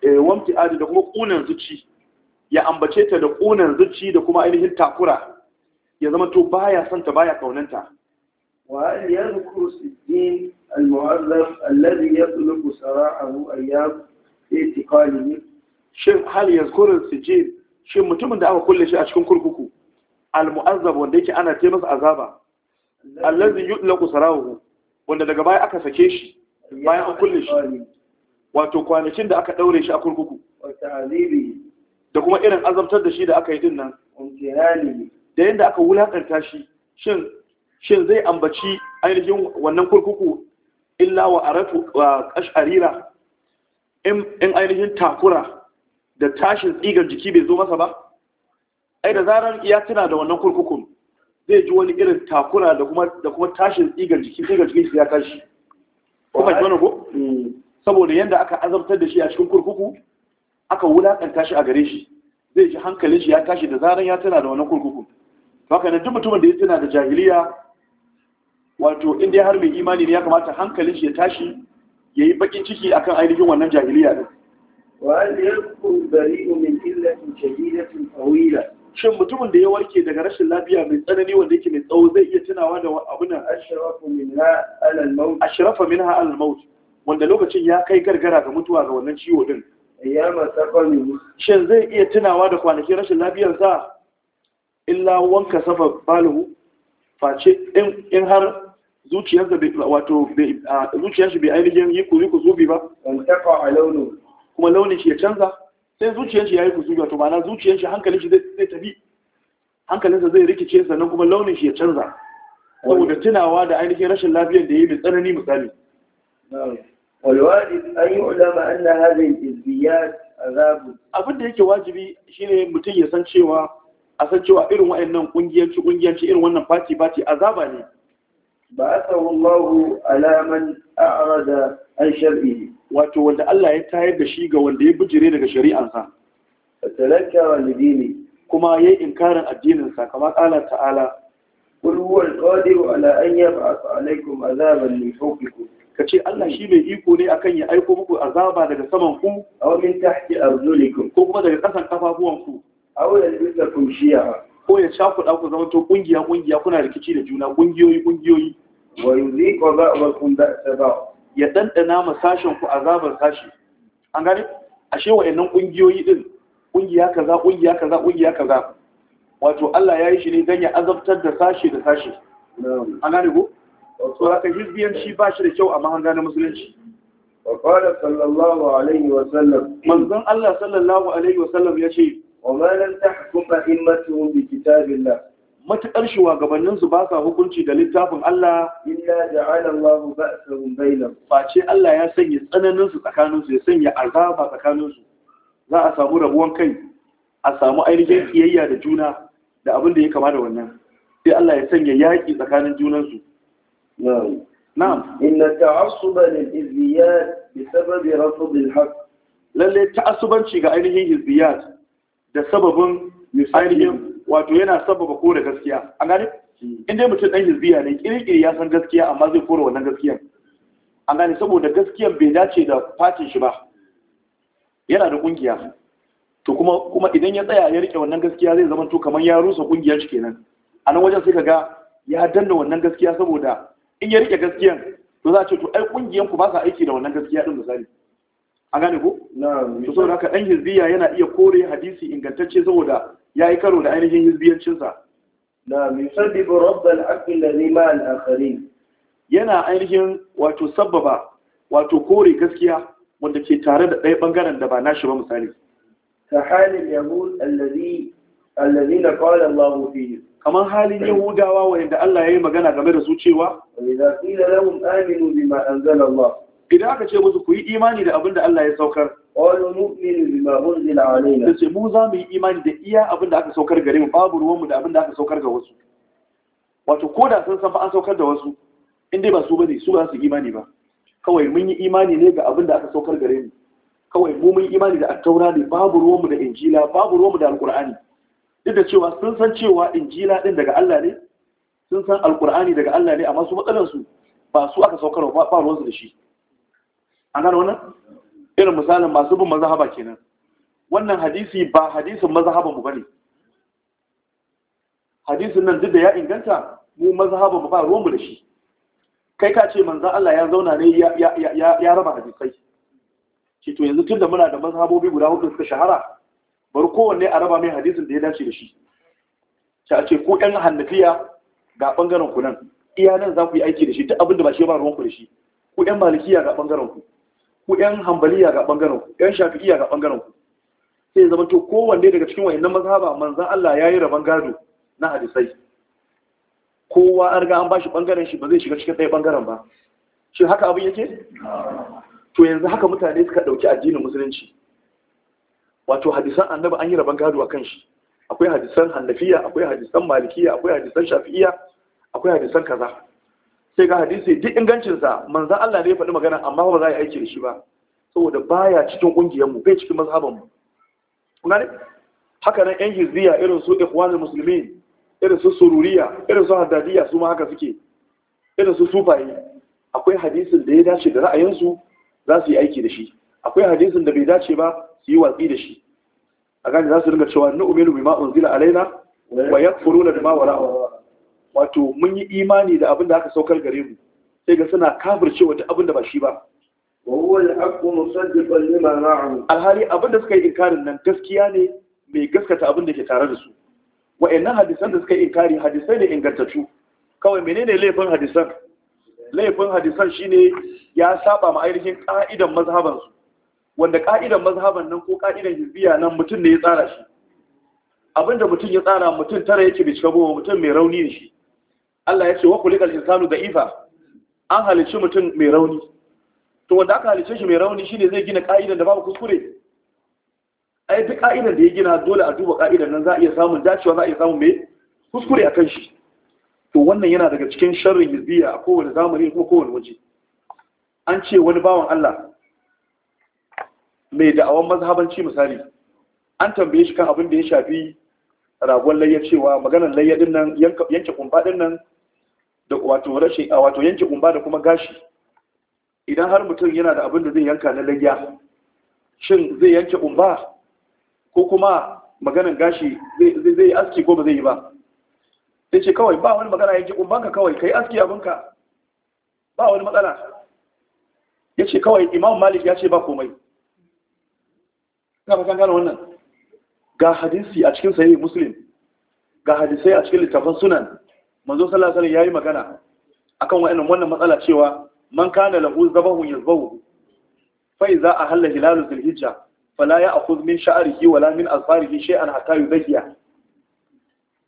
eh, wamti adi da kuma kunan zuci ya ambace ta da kunan zuci da kuma ainihin takura ya zama to baya son ta baya kaunanta wa yadhkuru siddin al-mu'azzaf alladhi yatlubu sara'ahu ayyam i'tiqalihi shin hal yazkuru sijid shin mutumin da aka kulle shi a cikin kurkuku al-mu'azzab wanda yake ana ce masa azaba allazi yutlaqu sarahu wanda daga baya aka sake shi bayan an kulle shi wato kwanakin da aka daure shi a kurkuku da kuma irin azabtar da shi da aka yi din nan da yadda aka wulakanta shi shin zai ambaci ainihin wannan kurkuku illa wa aratu wa qasharira in ainihin takura da tashin tsigar jiki bai zo masa ba ai da zarar ya tuna da wannan kurkukun zai ji wani irin takura da kuma tashin tsigar jiki tsigar jiki ya tashi kuma ji wani ko mm. saboda yadda aka azabtar da shi a cikin kurkuku aka wulaƙanta shi a gare shi zai ji hankalin shi ya tashi da zarar ya tuna da wannan kurkukun haka duk mutumin da ya tuna da jahiliya wato inda ya har mai imani ne ya kamata hankalin shi ya tashi ya yi bakin ciki akan ainihin wannan jahiliya din shin mutumin da ya warke daga rashin lafiya mai tsanani wanda yake mai tsawo zai iya tunawa da abin sharafa min ha alal wanda lokacin ya kai gargara ga mutuwa ga wannan ciwo din shin zai iya tunawa da kwanakin rashin lafiyarsa illa wanka safa balahu face in har zuciyarsa wato zuciyar shi bai ainihin yi kuri kusubi ba kuma launin shi ya canza sai zuciyar shi ya yi kusubi wato ma'ana zuciyar shi hankalin shi zai tafi hankalinsa zai rikice sannan kuma launin shi ya canza saboda tunawa da ainihin rashin lafiyar da ya yi mai tsanani misali والواجب abin da yake wajibi shine mutum ya san cewa a san cewa irin wa'annan kungiyanci kungiyanci irin wannan fati fati azaba ne ba'athahu Allahu ala man a'rada an shar'ihi wato wanda Allah ya tayar da shi ga wanda ya bijire daga shari'ansa fatalaka lidini kuma yayi inkarin addinin sa kamar Allah ta'ala qul huwa al-qadiru ala an yab'ath alaykum azaban min fawqikum kace Allah shi mai iko ne akan ya aiko muku azaba daga saman ku aw min tahti arjulikum ko kuma daga kasan kafafuwan ku aw yalbisakum shi'a ko ya cakuɗa ku zama to ƙungiya ƙungiya kuna rikici da juna ƙungiyoyi ƙungiyoyi wa yuziqa ba'dakum ba'da ya ɗanɗana ma sashen ku azabar sashi an gane ashe wayannan ƙungiyoyi ɗin, ƙungiya kaza ƙungiya kaza ƙungiya kaza wato Allah ya yi shi ne dan ya azabtar da sashe da sashe an gane ko so haka hizbiyanci ba shi da kyau a mahanga na musulunci wa qala sallallahu alaihi wa sallam manzon Allah sallallahu alaihi wa sallam ya ce wa ma lam tahkum a'immatuhum bi kitabillah matakar shugabannin su ba sa hukunci da littafin Allah illa ja'ala Allahu ba'sahum bainahum face Allah ya sanya tsananin su tsakanin su ya sanya azaba tsakanin su za a samu rabuwan kai a samu ainihin kiyayya da juna da abin da ya kama da wannan sai Allah ya sanya yaƙi tsakanin junansu na'am inna ta'assuba lil hizbiyat bi sababi rafd al haqq lalle ta'assubanci ga ainihin hizbiyat da sababin ainihin wato yana sababa kore gaskiya an gane hmm. in dai mutum ɗan hizbiya ne ƙirƙiri ya san gaskiya amma zai kore wannan gaskiyan an gane saboda gaskiyan bai dace da fatin shi ba yana da kungiya to kuma kuma idan ya tsaya ya rike wannan gaskiya zai zama to kamar ya rusa kungiyar shi kenan a nan wajen sai ka ga ya danna wannan gaskiya saboda in ya rike gaskiyan to za a ce to ai kungiyan ku ba sa aiki da wannan gaskiya din misali an gane ku! to saboda haka ɗan hizbiya yana iya kore hadisi ingantacce saboda ya yi karo da ainihin hizbiyancin sa na yusabbibu rabbal aqli da nima al akharin yana ainihin wato sabbaba wato kore gaskiya wanda ke tare da ɗaya bangaren da ba nashi ba misali ka halin yahud alladhi alladhina qala Allah fihi Kamar halin yahudawa wanda Allah ya yi magana game da su cewa idza qila lahum aminu bima anzala Allah idan aka ce musu ku yi imani da abin da Allah ya saukar da ce mu za mu yi imani da iya abin da aka saukar gare mu babu ruwanmu da abin da aka saukar ga wasu wato ko da sun san an saukar da wasu in dai ba su bane su ba su imani ba kawai mun yi imani ne ga abin da aka saukar gare mu kawai mu mun yi imani da attaura ne babu ruwanmu da injila babu ruwanmu da alkur'ani duk da cewa sun san cewa injila din daga Allah ne sun san alkur'ani daga Allah ne amma su matsalarsu, ba su aka saukar ba ba ruwansu da shi an wannan irin misalin masu bin mazhaba kenan wannan hadisi ba hadisin mazhaban mu bane hadisin nan duk da ya inganta mu mazhaban mu ba ruwan mu da shi kai ka ce manzo Allah ya zauna ne ya ya ya raba hadisai shi to yanzu tunda muna da mazhabobi guda hudu suka shahara bari kowanne a raba mai hadisin da ya dace da shi sai a ce ko ɗan hannafiya ga ɓangaren ku nan iya nan za ku yi aiki da shi duk abin da ba shi ba ruwan ku da shi ku ɗan malikiya ga ɓangaren ku ku yan hambaliya ga bangaren yan shafi'iya ga bangaren ku sai zama to kowanne daga cikin wayannan mazhaba manzon Allah yayi raban gado na hadisai kowa an riga an bashi ɓangaren shi ba zai shiga cikin ɗaya bangaren ba shi haka abin yake to yanzu haka mutane suka ɗauki addinin musulunci wato hadisan annabi an yi raban gado a kan shi akwai hadisan hannafiya akwai hadisan malikiya akwai hadisan shafi'iya akwai hadisan kaza sai ga hadisi duk ingancinsa manzan Allah ne ya faɗi magana amma ba za a yi aiki da shi ba saboda baya cikin ƙungiyarmu bai cikin mazhabanmu kuma ne haka nan yan hizziya irin su ikhwanul muslimin irin su sururiya irin su haddadiya su ma haka suke irin su sufaye akwai hadisin da ya dace da ra'ayinsu za su yi aiki da shi akwai hadisin da bai dace ba su yi watsi da shi a gani za su ringa cewa nu'minu bima unzila alaina wa yakfuruna bima wara'a wato mun yi imani da abin da aka saukar gare mu sai ga suna kafircewa wata abin da ba shi ba wa alhali abin da suka yi inkarin nan gaskiya ne mai gaskata abin da ke tare da su wa'annan hadisan da suka yi inkari hadisai ne ingantattu kawai menene laifin hadisan laifin hadisan shine ya saba ma ainihin ka'idan mazhaban su wanda ka'idan mazhaban nan ko ka'idan hizbiya nan mutum ne ya tsara shi abinda mutum ya tsara mutum tara yake bai cika bawa mutum mai rauni ne shi Allah ya ce wa kulikal insanu da'ifa an halicci mutum mai rauni to wanda aka halicce shi mai rauni shine zai gina ka'idan da babu kuskure ai duk ka'idan da ya gina dole a duba ka'idan nan za a iya samun dacewa za a iya samun mai kuskure akan shi to wannan yana daga cikin sharrin hizbiya a kowane zamani ko kowane waje an ce wani bawan Allah mai da'awan mazhabanci misali an tambaye shi kan abin da ya shafi ragon layyar cewa maganar layya din nan yanke kumba din nan da wato rashin a wato yanke kumba da kuma gashi idan har mutum yana da abin da zai yanka na layya shin zai yanke kumba ko kuma maganan gashi zai yi aski ko ba zai yi ba sai ce kawai ba wani magana yanke ka kawai kai aski abinka ba wani matsala ya ce kawai imam malik ya ce ba komai ina ba gane wannan ga hadisi a cikin sahih muslim ga hadisai a cikin littafin sunan manzo sallallahu alaihi yayi magana akan wannan wannan matsala cewa man kana lahu zabahun yazbahu fa idza ahalla hilalu dhilhijja fala ya'khudh min sha'rihi wala min azfarihi shay'an hatta yubayya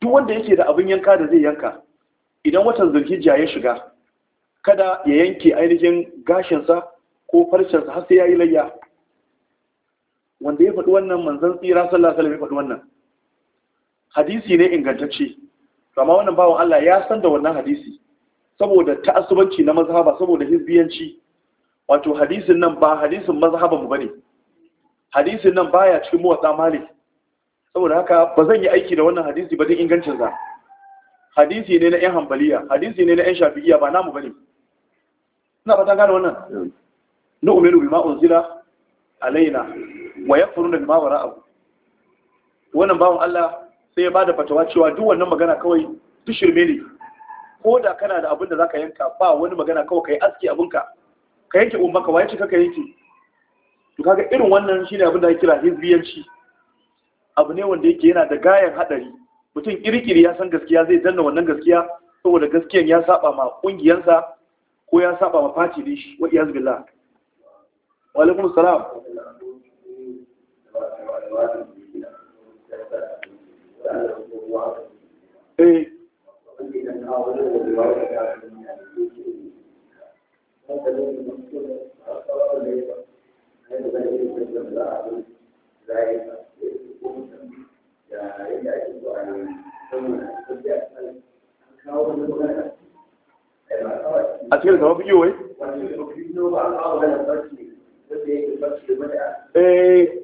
duk wanda yake da abin yanka da zai yanka idan watan zulhijja ya shiga kada ya yanke ainihin gashinsa ko sa har sai yayi layya wanda ya faɗi wannan manzon tsira sallallahu alaihi wasallam ya faɗi wannan hadisi ne ingantacce kama wannan bawan Allah ya san da wannan hadisi saboda ta'assubanci na mazhaba saboda hizbiyanci wato hadisin nan ba hadisin mazhaban mu bane hadisin nan baya cikin muwatta malik saboda haka ba zan yi aiki da wannan hadisi ba din ingancin sa hadisi ne na ɗan hanbaliya hadisi ne na ɗan shafi'iyya ba namu bane ina fata gane wannan umiru bima unzila alaina wa yakfuruna bima wara'ahu wannan bawon Allah sai ya ba da fatawa cewa duk wannan magana kawai duk shirme ne ko da kana da abin da za ka yanka ba wani magana kawai ka yi aski abinka ka yanke umarka waye cika ka yanke to kaga irin wannan shi ne abin da ya kira hizbiyanci abu ne wanda yake yana da gayan hadari mutum kirkiri ya san gaskiya zai danna wannan gaskiya saboda gaskiyan ya saba ma kungiyansa ko ya saba ma fati ne shi wa iyaz billah wa eh a cikin zama fi yiwuwa eh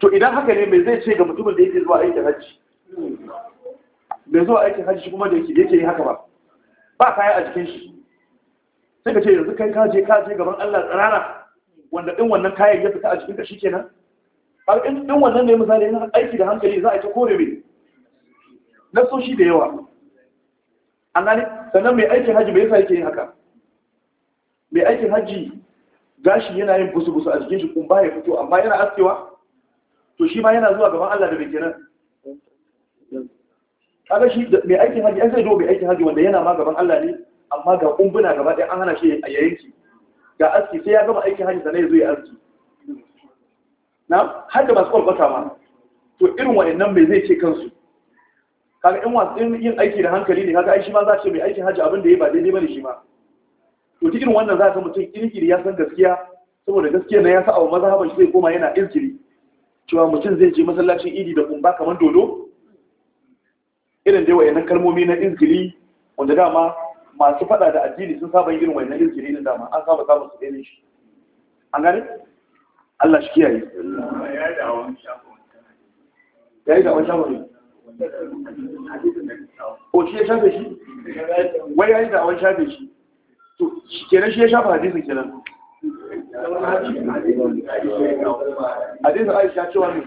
to idan haka ne mai zai ce ga mutumin da yake zuwa aikin hajji mai zuwa aikin hajji kuma da yake yi haka ba ba kaya a jikin shi sai ka ce yanzu kai ka je ka je gaban Allah tsirara wanda din wannan kayan ya fita a jikin ka shikenan har in din wannan ne misali yana aiki da hankali za a ta kore mai na shi da yawa an gane sannan mai aikin hajji mai yasa yake yin haka mai aikin hajji gashi yana yin busu-busu a jikin shi kun ba ya fito amma yana askewa to shi ma yana zuwa gaban Allah da bai kenan kaga shi mai aikin haji an sai zo mai aikin haji wanda yana ma gaban Allah ne amma ga kumbuna gaba ɗaya an hana shi a yayanki ga aski sai ya gama aikin haji sannan ya zo ya aski na har da masu kwalbata ma to irin wayannan mai zai ce kansu kaga in wasu yin aiki da hankali ne kaga ai shi ma za ce mai aikin haji abin da ya ba daidai bane shi ma to cikin wannan za ka mutum kirkiri ya san gaskiya saboda gaskiya na ya sa abu mazhaban shi zai koma yana izgiri cewa mutum zai je masallacin idi da kumba kamar dodo irin dai wayannan kalmomi na izgiri wanda dama masu fada da addini sun saba yin wayannan izgiri na dama an saba samun su irin shi an gane Allah shi kiyaye ya yi da awon shafa o shi ya shafe shi wai ya yi da awon shafe shi to shi kenan shi ya shafa hadisin kenan hadisin aisha cewa ne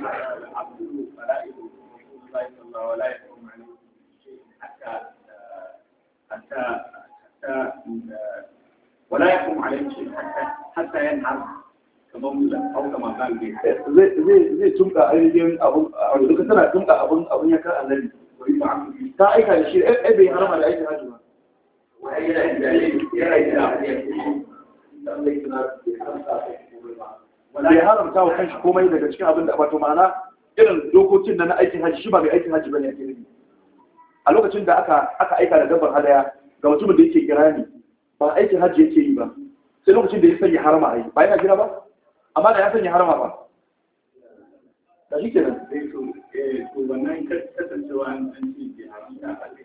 ولا يقوم عليه شيء حتى حتى ينهر كمولى او كما قال به زي زي زي ya kan annabi ta aika da shi bai harama da aikin ba da da ya haramta wa kanshi komai daga cikin abin da wato ma'ana irin dokokin da na aikin hajji shi ba mai aikin hajji bane yake nufi a lokacin da aka aka aika da dabbar hadaya ga mutumin da yake kirani ba aikin hajji yake yi ba sai lokacin da ya sanya harama a yi ba yana jira ba amma da ya sanya harama ba da shi kenan eh, eh, wannan kasancewa an ci haramta a kai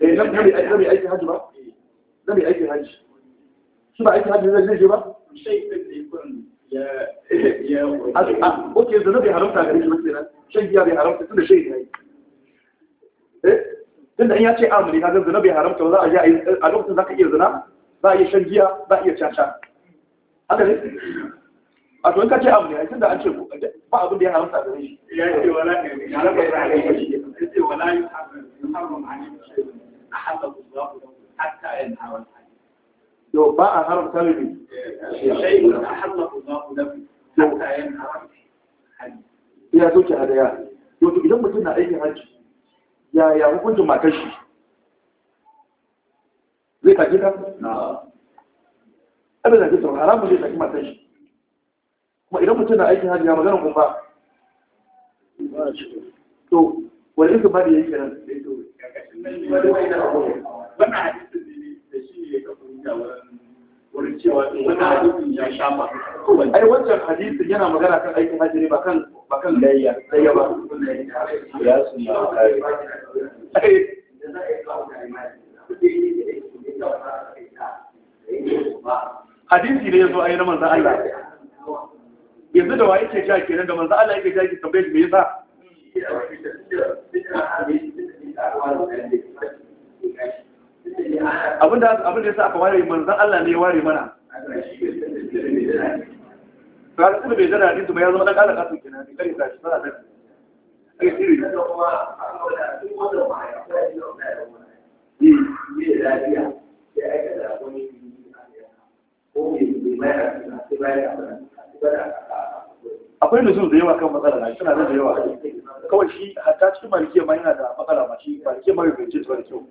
eh, na mai aikin haji ba na mai aikin haji. shi ba aikin hajji zai je ba oke zana bai haramta gare shi mace nan shan giya bai haramta tun da shi ne tun da in ya ce amuri ka zana bai haramta ba za a yi a lokacin za ka iya zana za a iya shan giya za a iya caca haka ne a to in ka ce amuri a tun da an ce ba abin da ya haramta gare shi ya ce wala ne haramta gare shi ya ce wala yi haramta a haka ba hatta yin haramta yau ba a haramta ne ya soke hadaya yau idan mutum na aikin hajji ya ya hukuncin matar shi zai kaji ka? na abin da ke sauran haramun zai kaji matar shi kuma idan mutum na aikin hajji ya magana kun ba to wani ikin ba da ya ai wancan hadisin yana magana kan aikin hajji ne ba kan ba kan layya layya ba ya su ma kai hadisi ne yazo ai na manzo Allah yanzu da waye ke jaki nan da manzo Allah yake jaki tambaye me yasa abinda yasa aka ware manzan Allah ne ya ware mana ka ga kuma bai ba ya zama kenan ne kare tashi sana da akwai da yawa kan matsala na suna da yawa kawai shi hatta cikin malikiyar ma yana da matsala ma shi malikiyar ma bai bai ce da kyau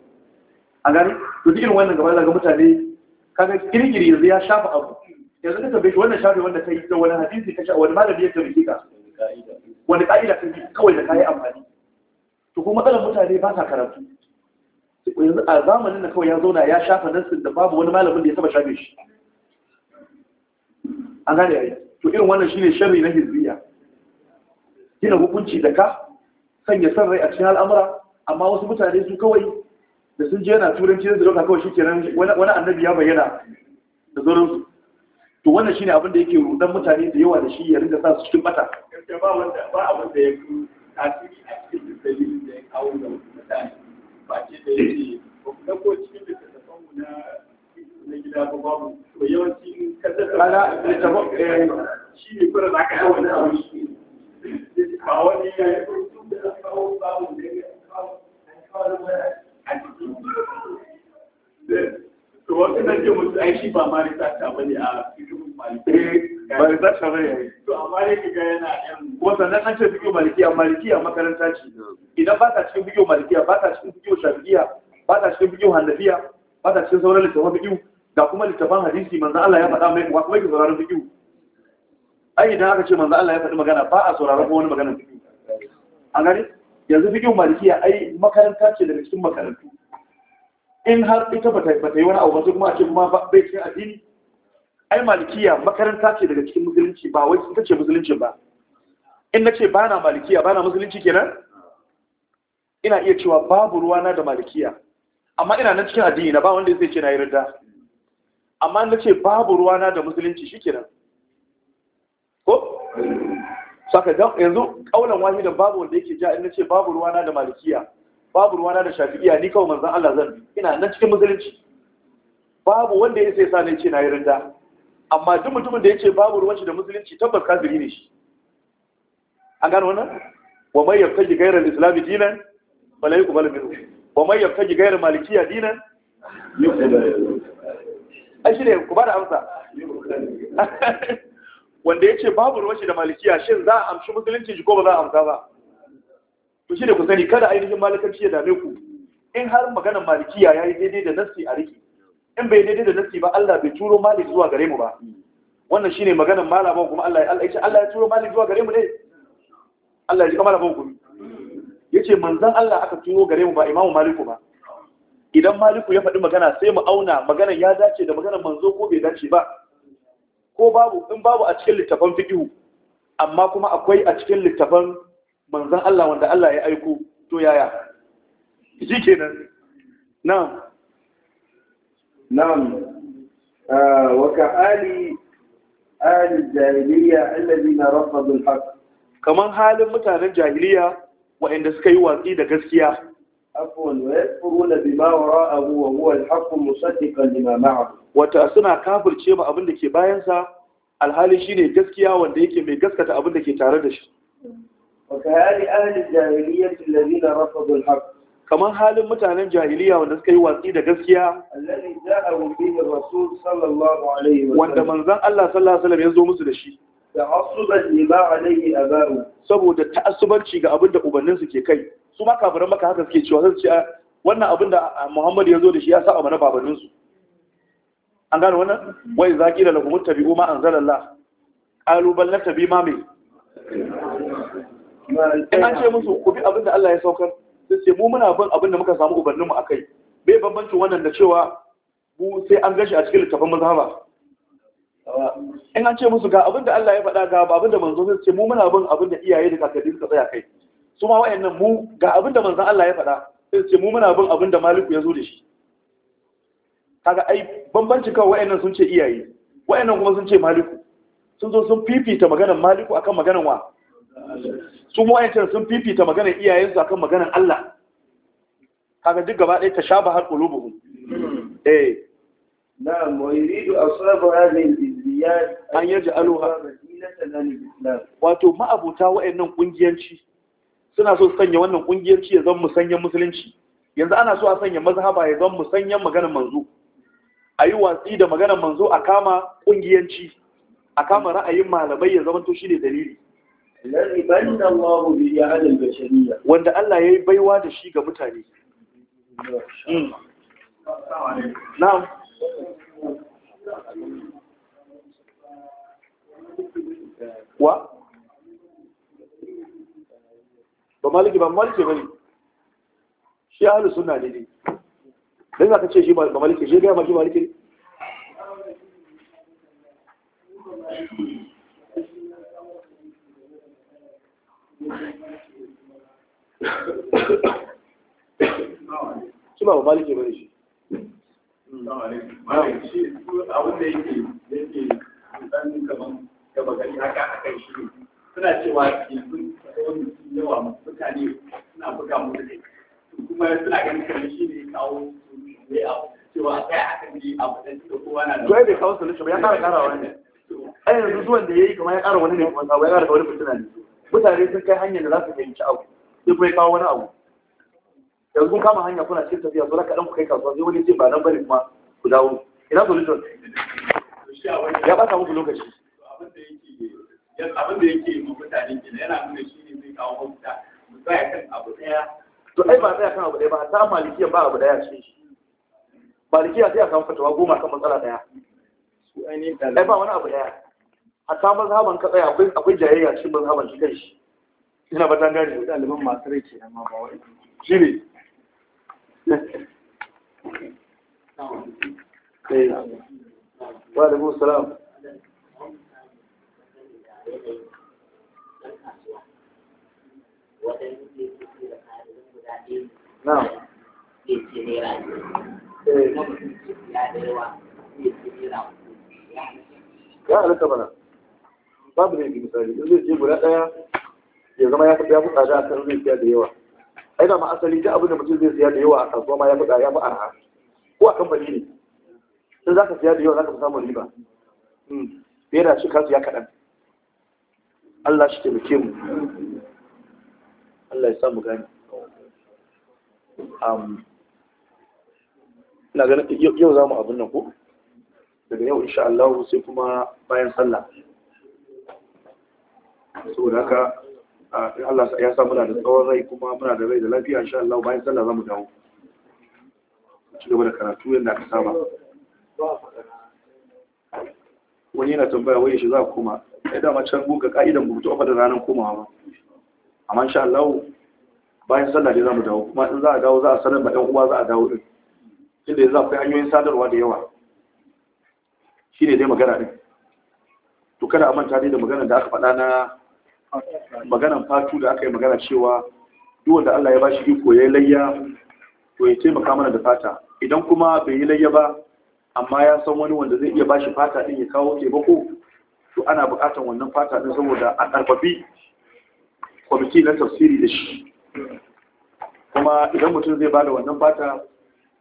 a gani to cikin irin wannan gaba daga mutane kaga kirkiri yanzu ya shafa abu yanzu ka tabbaci wannan shafe wanda ta yi da wani hadisi ka sha wani malami ya tabbaci ka wani ka'ida ta bi kawai da kayi amfani to kuma matsalar mutane ba sa karatu yanzu a zamanin da kawai ya zauna ya shafa nassin da babu wani malamin da ya taba shafe shi an gane ya to irin wannan shine sharri na hizbiya gina hukunci da ka sanya san rai a cikin al'amura amma wasu mutane su kawai da sun je yana turanci da dauka kawai shi shikenan wani annabi ya bayyana da sauransu to wannan shi ne abin da yake rudan mutane da yawa da shi ya rinka sa su cikin bata ba wanda ba abin da ya tasiri a cikin dalilin da ya kawo da mutane ba ce da yake ba ku dauko cikin da littattafan mu na gida ba babu to yawanci kaddasa kana littattafan shi ne fara zaka yi wannan abu ba wani ya yi da kawo babu da ya kawo to wasu nan ce musu ai shi ba ma risata ba ne a cikin maliki ba eh, risata ba ne to amma ne kiga yana yan ko sannan an ce fiƙo malikiya malikiya makaranta ce idan ba ta cikin fiƙo maliki, ba ta cikin fiƙo shafi'iya ba ta cikin fiƙo hanafiya ba ta cikin sauran littafan fiƙo ga kuma littafan hadisi manzo Allah ya faɗa mai wa kuma ke sauraron fiƙo ai idan aka ce manzo Allah ya faɗi magana ba a sauraron wani magana fiƙo an gani yanzu fikin malikiya ai makaranta ce daga cikin makarantu in har ita ba ta yi wani abu ba kuma a cikin kuma bai cikin addini ai malikiya makaranta ce daga cikin musulunci ba wai ita ce musulunci ba in na ce ba na malikiya ba na musulunci kenan ina iya cewa babu ruwana da malikiya amma ina nan cikin addini na ba wanda zai ce na yi rida amma na ce babu ruwana da musulunci shi kenan ko saka yanzu kaulan wahidan babu wanda yake ja'in in ce babu ruwana da malikiya babu ruwana da shafi'iya ni kawai manzon Allah zan ina nan cikin musulunci babu wanda ya sai sanin ce na yi rinda amma duk mutumin da yace babu ruwanci da musulunci tabbas kafiri ne shi an gano wannan wa mai yabtaji ghayra al-islam dinan fala yuqbal minhu wa may yabtaji ghayra malikiya dinan yuqbal ai shi ne ku ba da amsa wanda ya ce babu ruwan da malikiya shin za a amshi musulunci ko ba za a amsa ba to shi da ku sani kada ainihin malikanci ya dame ku in har maganar malikiya ya yi daidai da nassi a riki in bai daidai da nassi ba Allah bai turo malik zuwa gare mu ba wannan shine maganar malama kuma Allah ya Allah ya Allah ya turo malik zuwa gare mu ne Allah ya ji kamar malaman kuma yace manzon Allah aka turo gare mu ba imamu maliku ba idan maliku ya faɗi magana sai mu auna maganar ya dace da maganar manzo ko bai dace ba ko babu in babu a cikin littafan fiqh amma kuma akwai a cikin littafan manzan Allah wanda Allah ya aiko to yaya shi kenan na'am na'am ah, wa ka ali ali jahiliya alladhina na al-haq kaman halin mutanen jahiliya waɗanda suka yi watsi da gaskiya عفوا ويكفرون بما وراءه وهو الحق مصدقا لما معه wata suna kafirce ma abin da ke bayan sa, alhali shine gaskiya wanda yake mai gaskata abin da ke tare da shi wakahali ahlul jahiliyyah alladhina rafadu alhaq Kamar halin mutanen jahiliya wanda suka yi watsi da gaskiya alladhi ja'a bihi rasul sallallahu alaihi wasallam wanda manzon Allah sallallahu alaihi wasallam ya zo musu da shi ta'assuban lima a abaru saboda ta'assubanci ga abinda da ubanninsu ke kai su ma kafiran maka haka suke cewa sai wannan abin da Muhammad ya zo da shi ya saba mana babanninsu an gane wannan wai zaki da tabi, tabi'u ma anzalallah qalu bal natabi ma mai in an ce musu ku bi abin da Allah ya saukar sai ce mu muna bin abinda da muka samu ubanninmu akai bai bambancin wannan da cewa mu sai an gashi a cikin littafin mazhaba in an ce musu ga abin da Allah ya faɗa ga abin da manzo sai ce mu muna bin abinda da iyaye da kakanni suka tsaya kai su ma wayannan mu ga abin da manzon Allah ya faɗa sai ce mu muna bin abinda da maliku ya zo da shi kaga ai bambanci kawai wayannan sun ce iyaye wayannan kuma sun ce maliku sun zo sun fifita maganar maliku akan maganar wa su mu wayancan sun fifita maganar iyayensu akan maganar Allah kaga duk gaba ɗaya tashabahar qulubuhum hmm. eh na mu yuridu ashabu hadhihi an yaji aluha wato ma'abuta wa'annan kungiyanci suna so sanya wannan kungiyanci ya zama musanyen musulunci yanzu ana so a sanya mazhaba ya zama musanyen maganar manzo a yi watsi da maganar manzo a kama kungiyanci a kama ra'ayin malamai ya zama to shi ne dalili wanda Allah ya yi baiwa da shi ga mutane na'am wa ba maliki ba maliki bane shi ahlus sunna ne ne dan zaka ce shi ba maliki shi ga ma shi maliki ba maliki bane shi Maliki shi yake yake da magani haka a kan shi suna cewa yanzu wani sun yawa mutane suna buga mu da kuma suna ganin kan shi ne kawo su ne abu cewa a tsaya akan yi abu da suka kowa na da wani. kawo solution ba ya ƙara ƙara wani ne. A yanzu zuwan da ya yi kamar ya ƙara wani ne kuma sabo ya ƙara wani fitina ne. Mutane sun kai hanyar da za su fahimci abu sai kuma ya kawo wani abu. Yanzu kun kama hanya kuna cikin tafiya zuwa kaɗan ku kai kasuwa sai wani ce ba nan bane kuma ku dawo. Ina solution? Ya ɓata muku lokaci. kan abu daya ba ta malikiya ba abu ɗaya cikin shi malikiya sai a samu fatawa goma kan matsala ɗaya ai ba wani abu daya a ta mazhaban ka tsaya akwai akwai jayayya cikin mazhaban shi kan shi ina ba ta gane ɗaliban masu rai kenan ma ba wai shi ne eh. wa alaikum salam waɗanda ke Na'am. Zai ce naira biyu. Eh. Kuma mutum ce ya da yawa zai ce naira uku. Ya halitta mana. Babu ne bi misali in zai ce guda ɗaya ya zama ya fi ya fi tsada a kan zai siya da yawa. Ai da ma asali duk abin da mutum zai siya da yawa a kasuwa ma ya fi ya fi arha. Ko a kamfani ne. Sai za ka siya da yawa za ka fi samun riba. Hmm. Yana shi kasu ya kaɗan. Allah shi taimake mu. Allah ya samu gani. yau za mu abin nan ko daga yau insha Allah sai kuma bayan sallah saboda haka Allah ya sa muna da tsawon rai kuma muna da rai da lafiya insha Allah bayan sallah za mu dawo ci gaba da karatu yadda aka saba wani yana tambaya wai shi za ku koma ya dama can buga ka'idan bukutu a da ranar komawa ba amma insha Allah bayan sallah ne za mu dawo kuma in za a dawo za a sanar ma uwa za a dawo ɗin inda yanzu akwai hanyoyin sadarwa da yawa shi ne dai magana ɗin to kada a manta dai da magana da aka faɗa na maganan fatu da aka yi magana cewa duk wanda Allah ya bashi iko ya layya to ya taimaka mana da fata idan kuma bai yi layya ba amma ya san wani wanda zai iya bashi fata ɗin ya kawo taimako to ana buƙatar wannan fata ɗin saboda a ƙarfafi kwamiti na tafsiri da shi kuma idan mutum zai bada wannan fata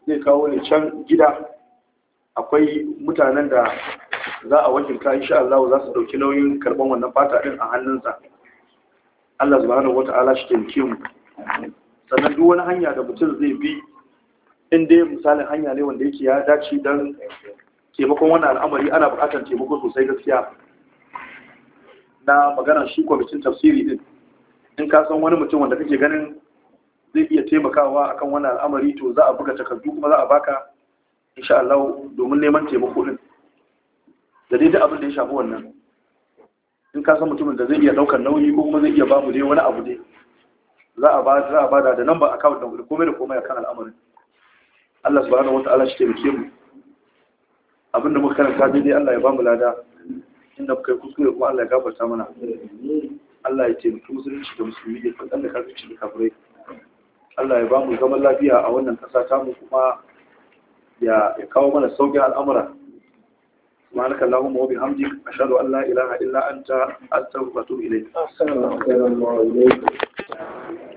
zai kawo ne can gida akwai mutanen da za a wakilta insha Allah za su dauki nauyin karban wannan fata din a hannunsa Allah subhanahu wata'ala shi taimake mu sannan duk wani hanya da mutum zai bi in misalin hanya ne wanda yake ya dace dan taimakon wannan al'amari ana buƙatar taimako sosai gaskiya na magana shi kwamitin tafsiri din in ka san wani mutum wanda kake ganin zai iya taimakawa akan wani al'amari to za a buga takardu kuma za a baka insha Allah domin neman taimako din da dai duk abin da ya shafi wannan in ka san mutumin da zai iya daukar nauyi ko kuma zai iya bamu dai wani abu dai za a ba za a bada da number account din komai da komai akan al'amarin Allah subhanahu wataala shi taimake mu abin da muka karanta dai Allah ya bamu lada inda kai kuskure kuma Allah ya gafarta mana Allah ya ce musulunci da musulmi ya kan da karfi da kafirai Allah ya ba mu zaman lafiya a wannan kasa ta mu kuma ya kawo mana saukin al'amura subhanaka allahumma wa bihamdik ashhadu an la ilaha illa anta astaghfiruka wa atubu ilayk assalamu alaikum wa rahmatullahi wa barakatuh